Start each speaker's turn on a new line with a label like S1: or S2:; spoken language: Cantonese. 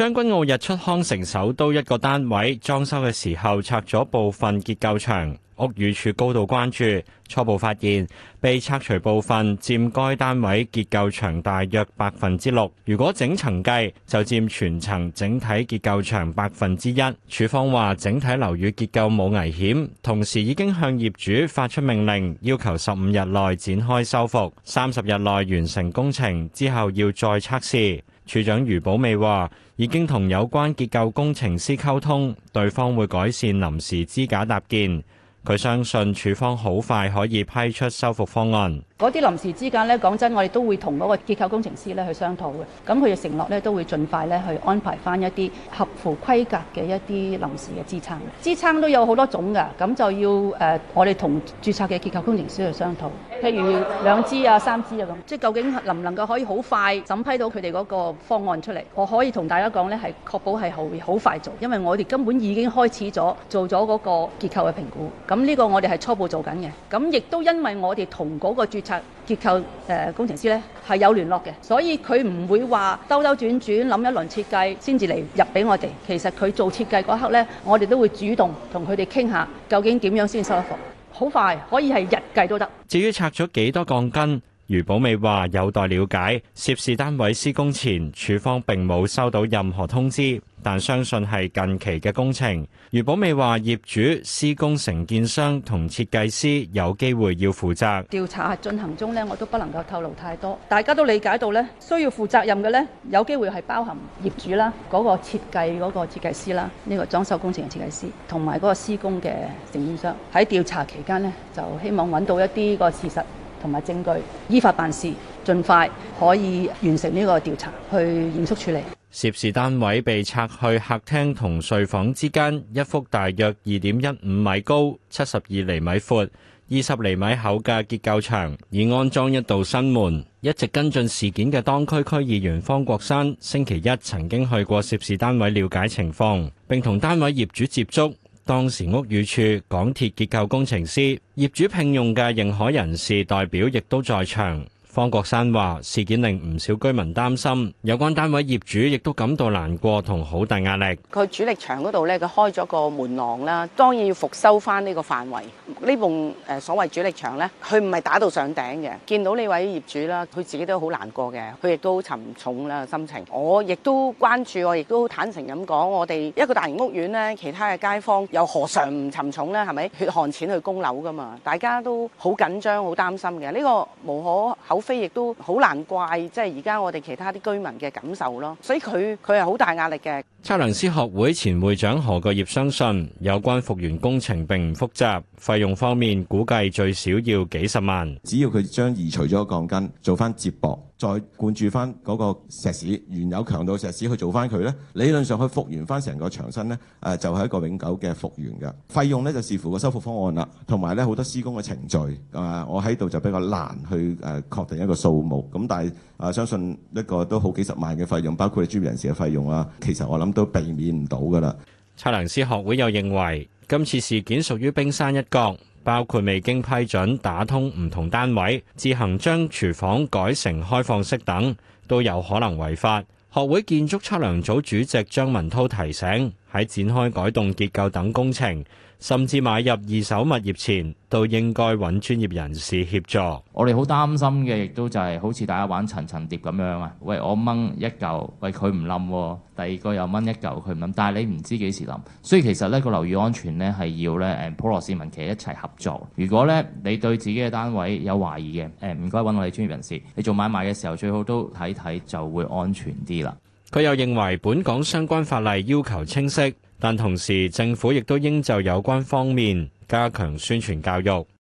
S1: 將軍澳日出康城首都一個單位裝修嘅時候拆咗部分結構牆，屋宇署高度關注，初步發現被拆除部分佔該單位結構牆大約百分之六，如果整層計就佔全層整體結構牆百分之一。署方話整體樓宇結構冇危險，同時已經向業主發出命令，要求十五日內展開修復，三十日內完成工程，之後要再測試。處長余保美話：已經同有關結構工程師溝通，對方會改善臨時支架搭建。佢相信處方好快可以批出修復方案。
S2: 嗰啲臨時支架咧，講真，我哋都會同嗰個結構工程師咧去商討嘅。咁佢嘅承諾咧，都會盡快咧去安排翻一啲合乎規格嘅一啲臨時嘅支撐。支撐都有好多種嘅，咁就要誒、呃、我哋同註冊嘅結構工程師去商討。譬如兩支啊、三支啊咁，即係究竟能唔能夠可以好快審批到佢哋嗰個方案出嚟？我可以同大家講咧，係確保係後好快做，因為我哋根本已經開始咗做咗嗰個結構嘅評估。咁呢個我哋係初步做緊嘅。咁亦都因為我哋同嗰個註冊結構誒、工程師咧係有聯絡嘅，所以佢唔會話兜兜轉轉諗一輪設計先至嚟入俾我哋。其實佢做設計嗰刻咧，我哋都會主動同佢哋傾下，究竟點樣先收得貨？好快可以係日計都得。
S1: 至於拆咗幾多鋼筋？余寶美話：有待了解，涉事單位施工前，署方並冇收到任何通知，但相信係近期嘅工程。余寶美話：業主、施工承建商同設計師有機會要負責。
S2: 調查進行中呢，我都不能夠透露太多。大家都理解到呢，需要負責任嘅呢，有機會係包含業主啦，嗰個設計嗰個設計師啦，呢個裝修工程嘅設計師，同埋嗰個施工嘅承建商。喺調查期間呢，就希望揾到一啲個事實。同埋證據，依法辦事，盡快可以完成呢個調查，去嚴肅處理。
S1: 涉事單位被拆去客廳同睡房之間一幅大約二點一五米高、七十二厘米闊、二十厘米厚嘅結構牆，已安裝一道新門。一直跟進事件嘅當區區議員方國山，星期一曾經去過涉事單位了解情況，並同單位業主接觸。當時屋宇署、港鐵結構工程師、業主聘用嘅認可人士代表亦都在場。方國山話：事件令唔少居民擔心，有關單位業主亦都感到難過同好大壓力。
S3: 佢主力牆嗰度咧，佢開咗個門廊啦，當然要復修翻呢個範圍。呢棟誒所謂主力牆咧，佢唔係打到上頂嘅。見到呢位業主啦，佢自己都好難過嘅，佢亦都好沉重啦心情。我亦都關注，我亦都坦誠咁講，我哋一個大型屋苑咧，其他嘅街坊又何嘗唔沉重咧？係咪血汗錢去供樓㗎嘛？大家都好緊張、好擔心嘅。呢個無可口。非亦都好難怪，即係而家我哋其他啲居民嘅感受咯，所以佢佢係好大壓力嘅。
S1: 測量師學會前會長何國業相信，有關復原工程並唔複雜，費用方面估計最少要幾十萬。只要佢將移除咗鋼筋，做翻接駁，再灌注翻嗰個石屎，原有強度石屎去做翻佢咧，理論上去復原翻成個牆身咧，誒就係一個永久嘅復原噶。費用咧就視乎個修復方案啦，同埋咧好多施工嘅程序啊，我喺度就比較難去誒確第一個數目咁，但係啊，相信一個都好幾十萬嘅費用，包括專業人士嘅費用啊，其實我諗都避免唔到噶啦。測量師學會又認為，今次事件屬於冰山一角，包括未經批准打通唔同單位、自行將廚房改成開放式等，都有可能違法。學會建築測量組主席張文滔提醒。喺展開改動結構等工程，甚至買入二手物業前，都應該揾專業人士協助。我哋好擔心嘅，亦都就係好似大家玩層層疊咁樣啊！喂，我掹一嚿，喂佢唔冧，第二個又掹一嚿，佢唔冧。但係你唔知幾時冧，所以其實呢個樓宇安全呢，係要呢，誒普羅市民其實一齊合作。如果呢，你對自己嘅單位有懷疑嘅，誒唔該揾我哋專業人士。你做買賣嘅時候，最好都睇睇就會安全啲啦。佢又認為，本港相關法例要求清晰，但同時政府亦都應就有關方面加強宣傳教育。